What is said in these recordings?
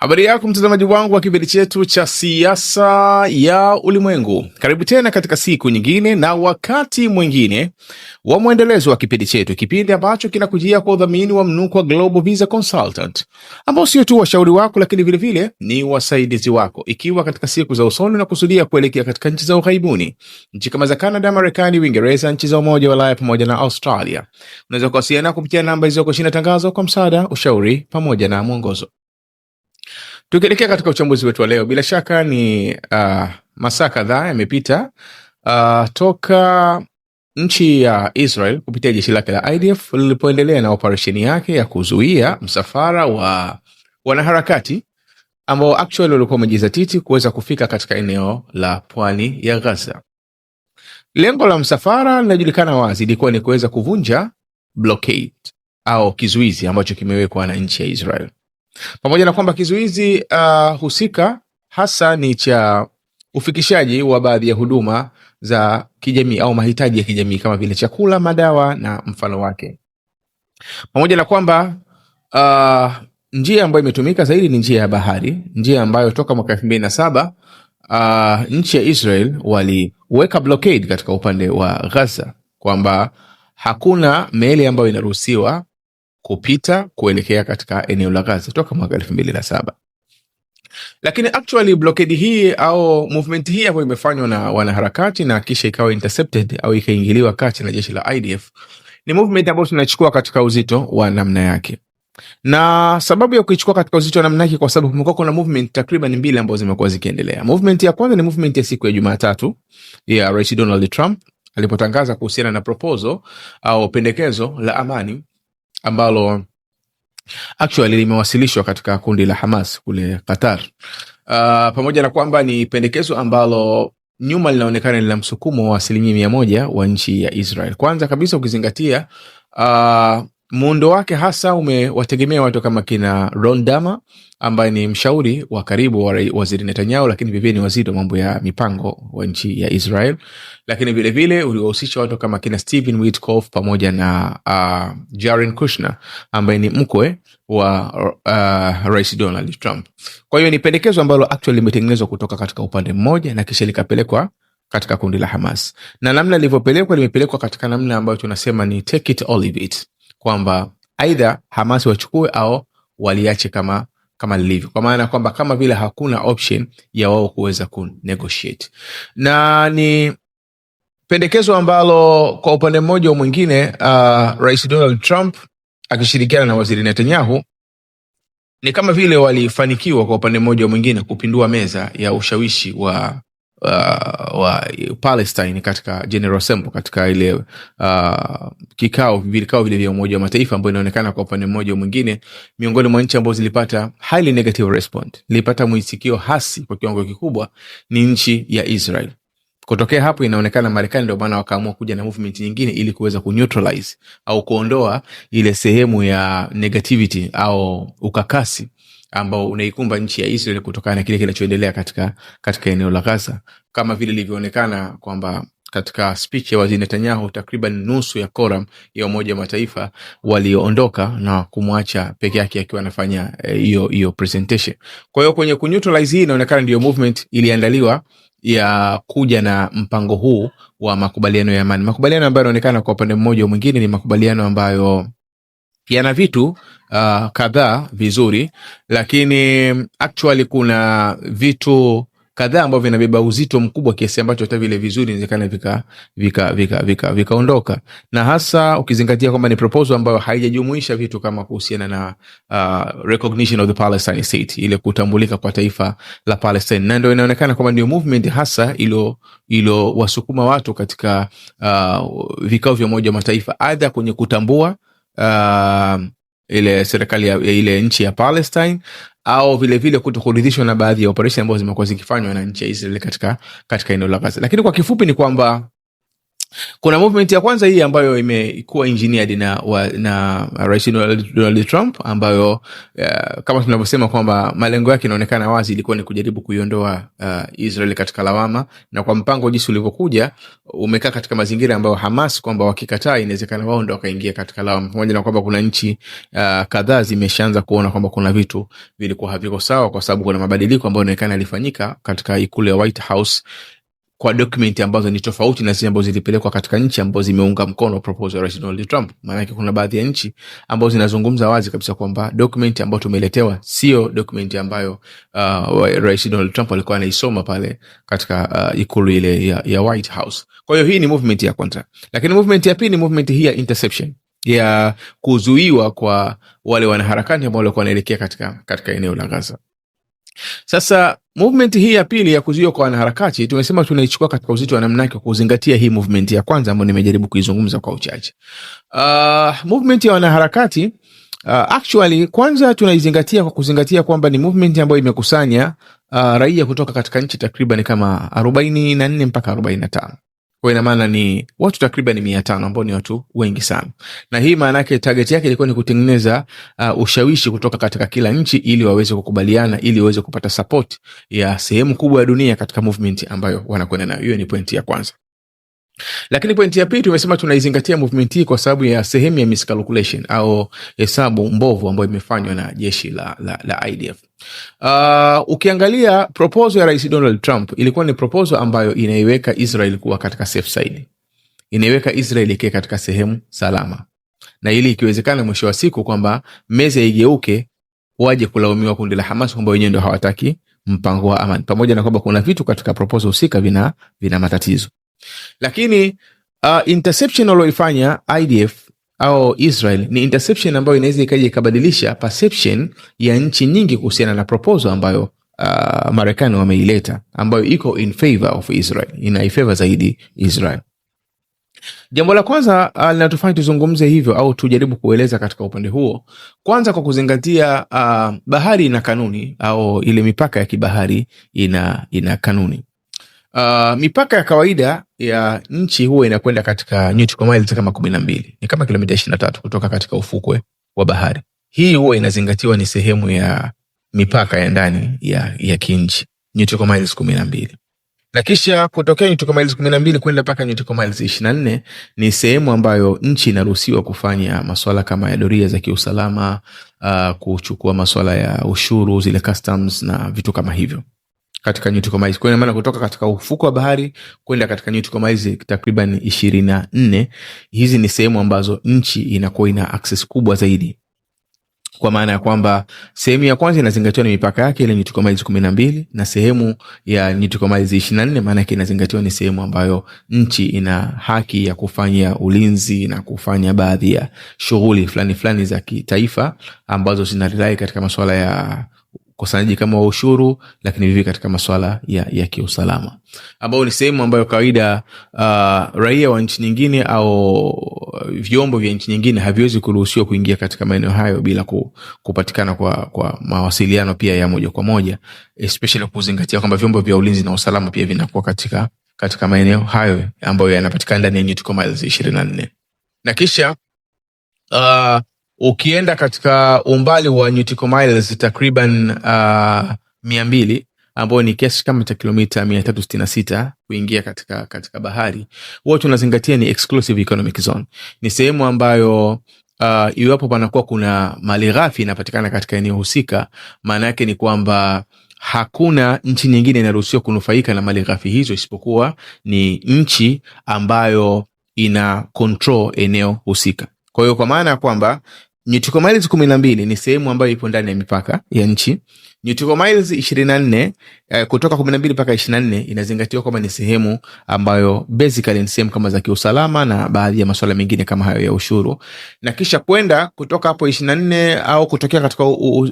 Habari yako mtazamaji wangu wa kipindi chetu cha siasa ya ulimwengu, karibu tena katika siku nyingine na wakati mwingine wa mwendelezo wa kipindi chetu, kipindi ambacho kinakujia kwa udhamini wa mnuko wa Global Visa Consultant, ambao sio tu washauri wako, lakini vilevile ni wasaidizi wako, ikiwa katika siku za usoni unakusudia kuelekea katika nchi za ughaibuni, nchi kama za Canada, Marekani, Uingereza, nchi za Umoja wa Ulaya pamoja na Australia. Unaweza kuwasiliana kupitia namba ilizoko chini ya tangazo kwa msaada, ushauri pamoja na mwongozo. Tukielekea katika uchambuzi wetu wa leo, bila shaka ni uh, masaa kadhaa yamepita uh, toka nchi ya Israel kupitia jeshi lake la IDF lilipoendelea na operesheni yake ya kuzuia msafara wa wanaharakati ambao actually walikuwa wamejizatiti kuweza kufika katika eneo la pwani ya Gaza. Lengo la msafara linajulikana wazi, ilikuwa ni kuweza kuvunja blockade au kizuizi ambacho kimewekwa na nchi ya Israel pamoja na kwamba kizuizi uh, husika hasa ni cha ufikishaji wa baadhi ya huduma za kijamii au mahitaji ya kijamii kama vile chakula, madawa na mfano wake. Pamoja na kwamba uh, njia ambayo imetumika zaidi ni njia ya bahari, njia ambayo toka mwaka elfu mbili na saba uh, nchi ya Israel waliweka blockade katika upande wa Gaza kwamba hakuna meli ambayo inaruhusiwa kupita kuelekea katika eneo la Gaza toka mwaka elfu mbili na saba lakini actually blockade hii au movement hii ambayo imefanywa na wanaharakati na kisha ikawa intercepted au ikaingiliwa kati na jeshi la IDF ni movement ambayo tunachukua katika uzito wa namna yake, na sababu ya kuichukua katika uzito wa namna yake kwa sababu kumekuwa kuna movement takriban mbili ambazo zimekuwa zikiendelea. Movement ya kwanza ni movement ya siku ya Jumatatu ya Rais Donald Trump alipotangaza kuhusiana na proposal au pendekezo la amani ambalo actually limewasilishwa katika kundi la Hamas kule Qatar. Uh, pamoja na kwamba ni pendekezo ambalo nyuma linaonekana lina msukumo wa asilimia mia moja wa nchi ya Israel. Kwanza kabisa ukizingatia uh, muundo wake hasa umewategemea watu kama kina Ron Dama ambaye ni mshauri wa karibu wa waziri Netanyahu, lakini vilevile ni waziri wa mambo ya mipango wa nchi ya Israel. Lakini vilevile uliwahusisha watu kama kina Steven Witkoff pamoja na uh, Jared Kushner ambaye ni mkwe wa uh, rais Donald Trump. Kwa hiyo ni pendekezo ambalo actually limetengenezwa kutoka katika upande mmoja na kisha likapelekwa katika kundi la Hamas, na namna lilivyopelekwa limepelekwa katika namna ambayo tunasema ni take it or leave it kwamba aidha Hamas wachukue au waliache kama kama lilivyo, kwa maana kwamba kama vile hakuna option ya wao kuweza ku negotiate, na ni pendekezo ambalo kwa upande mmoja au mwingine uh, Rais Donald Trump akishirikiana na Waziri Netanyahu ni kama vile walifanikiwa kwa upande mmoja au mwingine kupindua meza ya ushawishi wa uh, wa Palestine katika General Assembly katika ile uh, kikao vikao vile vya Umoja wa Mataifa ambayo inaonekana kwa upande mmoja mwingine, miongoni mwa nchi ambazo zilipata highly negative response, ilipata mwitikio hasi kwa kiwango kikubwa ni nchi ya Israel. Kutokea hapo inaonekana Marekani ndio maana wakaamua kuja na movement nyingine ili kuweza ku au kuondoa ile sehemu ya negativity au ukakasi ambao unaikumba nchi ya Israel kutokana na kile kinachoendelea katika, katika eneo la Gaza, kama vile ilivyoonekana kwamba katika speech ya waziri Netanyahu, takriban nusu ya koram ya Umoja wa Mataifa walioondoka na kumwacha peke yake akiwa anafanya eh, hiyo eh, presentation. Kwa hiyo kwenye kuhii inaonekana ndiyo movement iliandaliwa ya kuja na mpango huu wa makubaliano ya amani, makubaliano ambayo yanaonekana kwa upande mmoja au mwingine ni makubaliano ambayo yana vitu uh, kadhaa vizuri, lakini um, actually kuna vitu kadhaa ambavyo vinabeba uzito mkubwa kiasi ambacho hata vile vizuri inawezekana vikaondoka vika, vika, vika, vika, na hasa ukizingatia kwamba ni proposal ambayo haijajumuisha vitu kama kuhusiana na uh, recognition of the Palestine state, ile kutambulika kwa taifa la Palestine, na ndio inaonekana kwamba ndio movement hasa ilo ilo wasukuma watu katika uh, vikao vya Umoja wa Mataifa aidha kwenye kutambua uh, ile serikali ya ile nchi ya Palestine au vilevile kutokuridhishwa na baadhi ya operesheni ambazo zimekuwa zikifanywa na nchi ya Israel katika, katika eneo la Gaza. Lakini kwa kifupi ni kwamba kuna movement ya kwanza hii ambayo imekuwa engineered na, na Rais Donald Trump ambayo uh, kama tunavyosema kwamba malengo yake inaonekana wazi ilikuwa ni kujaribu kuiondoa uh, Israel katika lawama, na kwa mpango jinsi ulivyokuja umekaa katika mazingira ambayo Hamas kwamba wakikataa inawezekana wao ndo wakaingia katika lawama, pamoja na kwamba kuna nchi uh, kadhaa zimeshaanza kuona kwamba kuna vitu vilikuwa haviko sawa, kwa sababu kuna mabadiliko ambayo inaonekana yalifanyika katika ikulu ya White House kwa dokumenti ambazo ni tofauti na zile ambazo zilipelekwa katika nchi ambazo zimeunga mkono proposal ya Rais Donald Trump. Maanake kuna baadhi ya nchi ambazo zinazungumza wazi kabisa kwamba dokumenti ambayo tumeletewa sio dokumenti ambayo uh, Rais Donald Trump alikuwa anaisoma pale katika uh, ikulu ile ya, ya White House. Kwa hiyo hii ni movement ya kwanza, lakini movement ya pili ni movement hii ya interception ya kuzuiwa kwa wale wanaharakati ambao walikuwa wanaelekea katika, katika eneo la Gaza. Sasa movement hii ya pili ya kuzuiwa kwa wanaharakati tumesema tunaichukua katika uzito wa namna yake wa kuzingatia hii movement ya kwanza ambayo nimejaribu kuizungumza kwa uchache. Uh, movement ya wanaharakati Uh, actually kwanza tunaizingatia kwa kuzingatia kwamba ni movement ambayo imekusanya uh, raia kutoka katika nchi takriban kama arobaini na nne mpaka arobaini na tano kwa ina maana ni watu takriban mia tano ambao ni watu wengi sana, na hii maana yake target yake ilikuwa ni kutengeneza uh, ushawishi kutoka katika kila nchi ili waweze kukubaliana ili waweze kupata support ya sehemu kubwa ya dunia katika movement ambayo wanakwenda nayo. Hiyo ni pointi ya kwanza. Lakini pointi ya pili tumesema tunaizingatia movement hii kwa sababu ya sehemu ya miscalculation au hesabu mbovu ambayo imefanywa na jeshi la, la, la IDF. Uh, ukiangalia proposal ya Rais Donald Trump ilikuwa ni proposal ambayo inaiweka Israel kuwa katika safe side, inaiweka Israel ikiwa katika sehemu salama, na ili ikiwezekana mwisho wa siku kwamba meza igeuke, waje kulaumiwa kundi la Hamas kwamba wenyewe ndio hawataki mpango wa amani, pamoja na kwamba kuna vitu katika proposal husika vina, vina matatizo, lakini uh, interception walioifanya IDF au Israel ni interception ambayo inaweza ikaja ikabadilisha perception ya nchi nyingi kuhusiana na proposal ambayo uh, Marekani wameileta ambayo iko in favor of Israel, ina ifavor zaidi Israel. Jambo la kwanza uh, linatufanya tuzungumze hivyo au tujaribu kueleza katika upande huo, kwanza kwa kuzingatia uh, bahari ina kanuni au ile mipaka ya kibahari ina, ina kanuni Uh, mipaka ya kawaida ya nchi huwa inakwenda katika nautical miles kama kumi na mbili, ni kama kilomita ishirini na tatu kutoka katika ufukwe wa bahari. Hii huwa inazingatiwa ni sehemu ya mipaka ya ndani ya, ya kinchi nautical miles kumi na mbili na kisha kutokea nautical miles kumi na mbili kwenda mpaka nautical miles ishirini na nne ni sehemu ambayo nchi inaruhusiwa kufanya maswala kama ya doria za kiusalama, uh, kuchukua maswala ya ushuru zile customs na vitu kama hivyo katika Newton-Comaiss. Kwa maana kutoka katika ufuko wa bahari kwenda katika Newton-Comaiss takriban ishirini na nne. Hizi ni sehemu ambazo nchi inakuwa ina access kubwa zaidi, kwa maana ya kwamba sehemu ya kwanza inazingatiwa ni mipaka yake ile Newton-Comaiss kumi na mbili na sehemu ya Newton-Comaiss ishirini na nne maana yake inazingatiwa ni sehemu ambayo nchi ina haki ya kufanya ulinzi na kufanya baadhi ya shughuli fulani fulani za kitaifa ambazo zinarelai katika masuala ya ukusanyaji kama wa ushuru, lakini vivi katika masuala ya, ya kiusalama ambayo ni sehemu ambayo kawaida uh, raia wa nchi nyingine au uh, vyombo vya nchi nyingine haviwezi kuruhusiwa kuingia katika maeneo hayo bila ku, kupatikana kwa, kwa mawasiliano pia ya moja kwa moja, especially kuzingatia kwamba vyombo vya ulinzi na usalama pia vinakuwa katika, katika maeneo hayo ambayo yanapatikana ndani ya nyutukoma ishirini na nne na kisha uh, ukienda katika umbali wa nautical miles takriban uh, mia mbili ambayo ni kiasi kama cha kilomita mia tatu sitini na sita kuingia katika, katika bahari, huwa tunazingatia ni exclusive economic zone. Ni sehemu ambayo Uh, iwapo panakuwa kuna mali ghafi inapatikana katika eneo husika, maana yake ni kwamba hakuna nchi nyingine inaruhusiwa kunufaika na mali ghafi hizo isipokuwa ni nchi ambayo ina control eneo husika. Kwa hiyo kwa maana ya kwamba Nyutuko Miles kumi na mbili ni sehemu ambayo ipo ndani ya mipaka ya nchi. Nyutuko Miles ishirini na nne eh, kutoka kumi na mbili mpaka ishirini na nne inazingatiwa kwamba ni sehemu ambayo basically ni sehemu kama za kiusalama na baadhi ya masuala mengine kama hayo ya ushuru, na kisha kwenda kutoka hapo ishirini na nne au kutokea katika uh,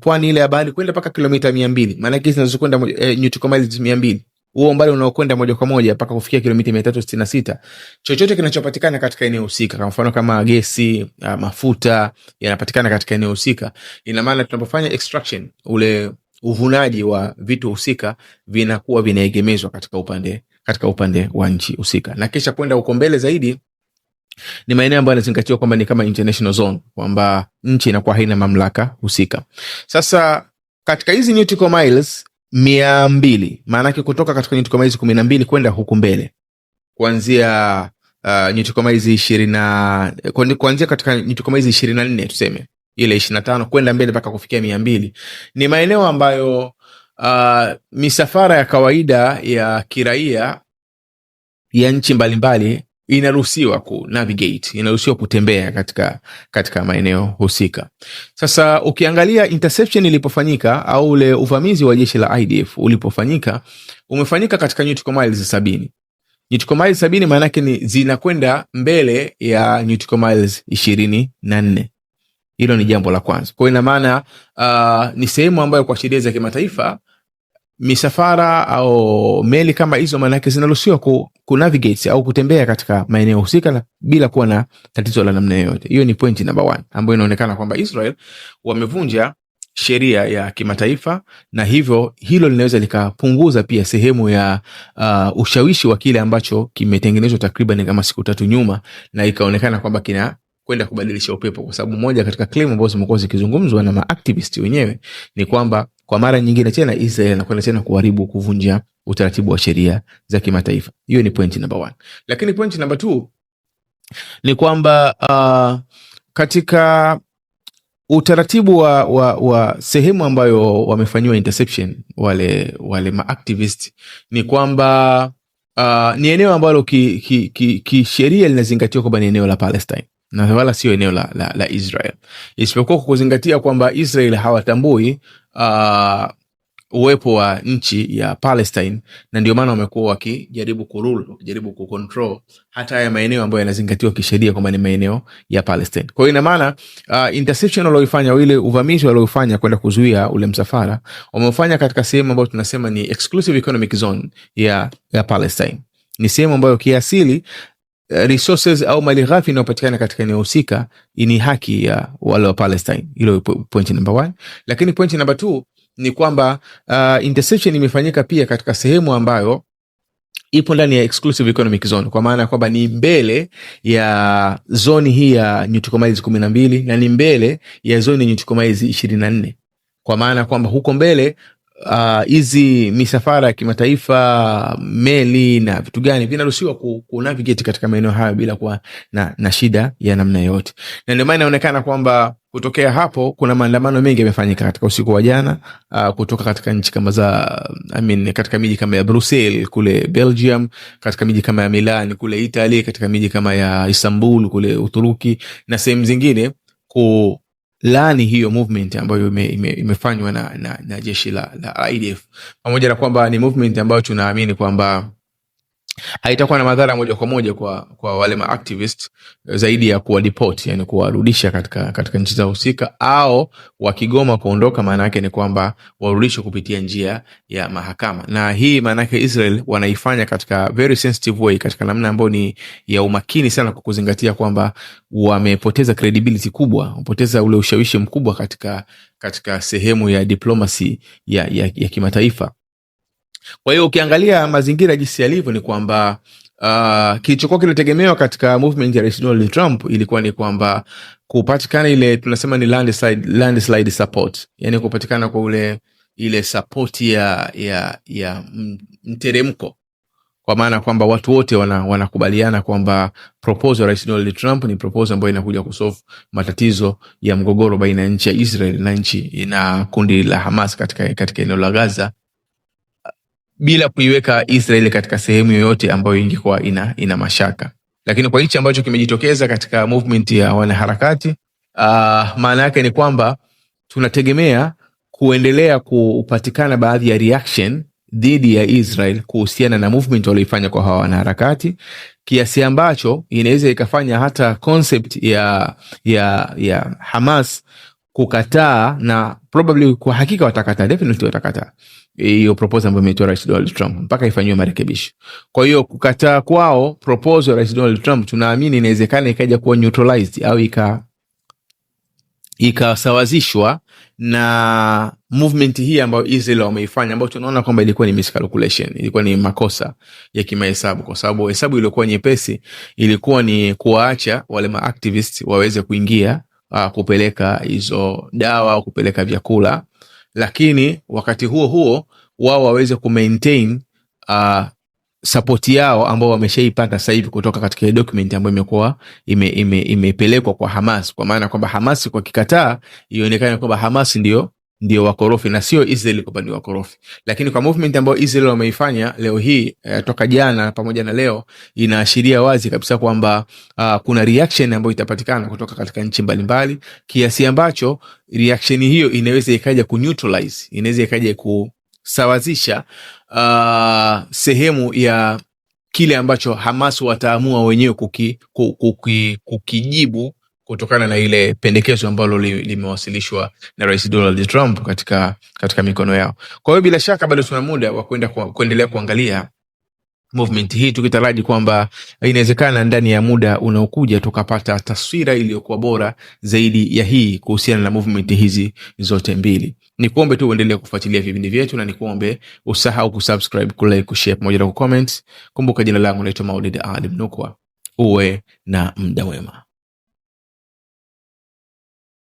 pwani ile ya bahari kwenda mpaka kilomita mia mbili maanake zinazokwenda uh, eh, Nyutuko Miles mia mbili huo umbali unaokwenda moja kwa moja mpaka kufikia kilomita mia tatu sitini na sita chochote kinachopatikana katika eneo husika, kwa mfano kama gesi, ah, mafuta yanapatikana katika eneo husika. Ina maana tunapofanya extraction, ule uvunaji wa vitu husika vinakuwa vinaegemezwa katika upande katika upande wa nchi husika, na kisha kwenda huko mbele zaidi ni maeneo ambayo yanazingatiwa kwamba ni kama international zone, kwamba nchi inakuwa haina mamlaka husika. Sasa katika hizi nautical miles mia mbili maanake kutoka katika hizi kumi na mbili kwenda huku mbele kuanzia uh, hizi ishirini na kuanzia katika hizi ishirini na nne tuseme ile ishirini na tano kwenda mbele mpaka kufikia mia mbili ni maeneo ambayo uh, misafara ya kawaida ya kiraia ya nchi mbalimbali inaruhusiwa ku navigate, inaruhusiwa kutembea katika, katika maeneo husika. Sasa ukiangalia interception ilipofanyika au ule uvamizi wa jeshi la IDF ulipofanyika umefanyika katika nautical miles sabini. Nautical miles sabini maana yake ni zinakwenda mbele ya nautical miles ishirini na nne. Hilo ni jambo la kwanza. Kwa hiyo ina maana uh, ni sehemu ambayo kwa sheria za kimataifa misafara au meli kama hizo, maanake zinaruhusiwa ku, ku navigate au kutembea katika maeneo husika bila kuwa na tatizo la namna yoyote. Hiyo ni pointi namba one ambayo inaonekana kwamba Israel wamevunja sheria ya kimataifa na hivyo hilo linaweza likapunguza pia sehemu ya uh, ushawishi wa kile ambacho kimetengenezwa takriban kama siku tatu nyuma, na ikaonekana kwamba kina kwenda kubadilisha upepo, kwa sababu moja katika claim ambazo zimekuwa zikizungumzwa na maactivist wenyewe ni kwamba kwa mara nyingine tena Israel anakwenda tena kuharibu, kuvunja utaratibu wa sheria za kimataifa. Hiyo ni point number one, lakini point number two ni kwamba uh, katika utaratibu wa, wa, wa sehemu ambayo wamefanyiwa interception wale, wale maactivist ni kwamba uh, ni eneo ambalo kisheria ki, ki, ki linazingatiwa kwamba ni eneo la Palestine na wala sio eneo la, la, la Israel isipokuwa kwa kuzingatia kwamba Israel hawatambui uh, uwepo wa nchi ya Palestine, na ndio maana wamekuwa wakijaribu kurule, wakijaribu kucontrol hata haya maeneo ambayo yanazingatiwa kisheria kwamba ni maeneo ya Palestine. Kwa hiyo ina maana uh, interception walioifanya ile uvamizi walioifanya kwenda kuzuia ule msafara wameufanya katika sehemu ambayo tunasema ni exclusive economic zone ya, ya Palestine ni sehemu ambayo kiasili Eh, resources au mali ghafi inayopatikana katika eneo husika ni haki ya wale wa Palestine. Hilo point number one, lakini point number two ni kwamba uh, eh, interception imefanyika pia katika sehemu ambayo ipo ndani ya exclusive economic zone, kwa maana ya kwamba ni mbele ya zoni hii ya nyutuko maizi kumi na mbili na ni mbele ya zoni ya nyutuko maizi ishirini na nne kwa maana kwamba huko mbele Ah, hizi uh, misafara ya kimataifa meli na vitu gani vinaruhusiwa ku, ku navigate katika maeneo hayo bila kuwa na, na shida ya namna yoyote, na ndio maana inaonekana kwamba kutokea hapo kuna maandamano mengi yamefanyika katika usiku wa jana uh, kutoka katika nchi kama za I mean, katika miji kama ya Brussels kule Belgium, katika miji kama ya Milan kule Italy, katika miji kama ya Istanbul kule Uturuki na sehemu zingine ku laani hiyo movement ambayo ime, ime, imefanywa na, na, na jeshi la, la IDF pamoja na kwamba ni movement ambayo tunaamini kwamba haitakuwa na madhara moja kwa moja kwa, kwa wale maactivist eh, zaidi ya kuwadipoti yani kuwarudisha katika, katika nchi za husika, au wakigoma kuondoka, maana yake ni kwamba warudishwe kupitia njia ya mahakama. Na hii maana yake Israel wanaifanya katika very sensitive way, katika namna ambayo ni ya umakini sana, kwa kuzingatia kwamba wamepoteza credibility kubwa, wamepoteza ule ushawishi mkubwa katika, katika sehemu ya diplomacy ya, ya, ya kimataifa kwa hiyo ukiangalia mazingira jinsi yalivyo ni kwamba uh, kilichokuwa kinategemewa katika movement ya Rais Donald Trump ilikuwa ni kwamba kupatikana ile tunasema ni landslide, landslide support, yani kupatikana kwa ule ile sapoti ya ya ya mteremko kwa maana kwamba watu wote wanakubaliana wana, kwamba proposal ya Rais Donald Trump ni proposal ambayo inakuja kusolve matatizo ya mgogoro baina ya nchi ya Israel na nchi na kundi la Hamas katika katika eneo la Gaza bila kuiweka Israel katika sehemu yoyote ambayo ingekuwa ina, ina mashaka. Lakini kwa hichi ambacho kimejitokeza katika movement ya wanaharakati uh, maana yake ni kwamba tunategemea kuendelea kupatikana baadhi ya reaction dhidi ya Israel kuhusiana na movement walioifanya kwa hawa wanaharakati, kiasi ambacho inaweza ikafanya hata concept ya, ya, ya Hamas kukataa na probably kwa hakika watakataa, definitely watakataa hiyo proposal ambayo imetoa Rais Donald Trump mpaka ifanyiwe marekebisho. Kwa hiyo kukataa kwao proposal ya Rais Donald Trump, tunaamini inawezekana ikaja kuwa neutralized au ika ikasawazishwa na movement hii ambayo Israel wameifanya, ambayo tunaona kwamba ilikuwa ni miscalculation, ilikuwa ni makosa ya kimahesabu, kwa sababu hesabu iliyokuwa nyepesi ilikuwa ni kuwaacha wale maactivist waweze kuingia, uh, kupeleka hizo dawa au kupeleka vyakula lakini wakati huo huo wao waweze ku uh, sapoti yao ambao wameshaipata sasa hivi kutoka katika ile document ambayo imekuwa imepelekwa ime, ime kwa Hamas, kwa maana kwamba Hamas kwa kikataa ionekane kwamba Hamas ndio ndio wakorofi na sio Israel kwamba ni wakorofi, lakini kwa movement ambayo Israel wameifanya leo hii eh, toka jana pamoja na leo inaashiria wazi kabisa kwamba uh, kuna reaction ambayo itapatikana kutoka katika nchi mbalimbali, kiasi ambacho reaction hiyo inaweza ikaja ku neutralize, inaweza ikaja kusawazisha uh, ah, sehemu ya kile ambacho Hamas wataamua wenyewe kuki, kuki, kuki, kukijibu kutokana na ile pendekezo ambalo limewasilishwa li na Rais Donald Trump katika, katika mikono yao. Kwa hiyo bila shaka bado tuna muda wa kuendelea kuangalia movement hii tukitaraji kwamba inawezekana ndani ya muda unaokuja tukapata taswira iliyokuwa bora zaidi ya hii kuhusiana na movement hizi zote mbili. ni kuombe tu uendelee kufuatilia vipindi vyetu na nikuombe usahau kusubscribe, kulike, kushare pamoja na kucomment. Kumbuka jina langu naitwa Maulid Ali Mnukwa. Uwe na mda mwema.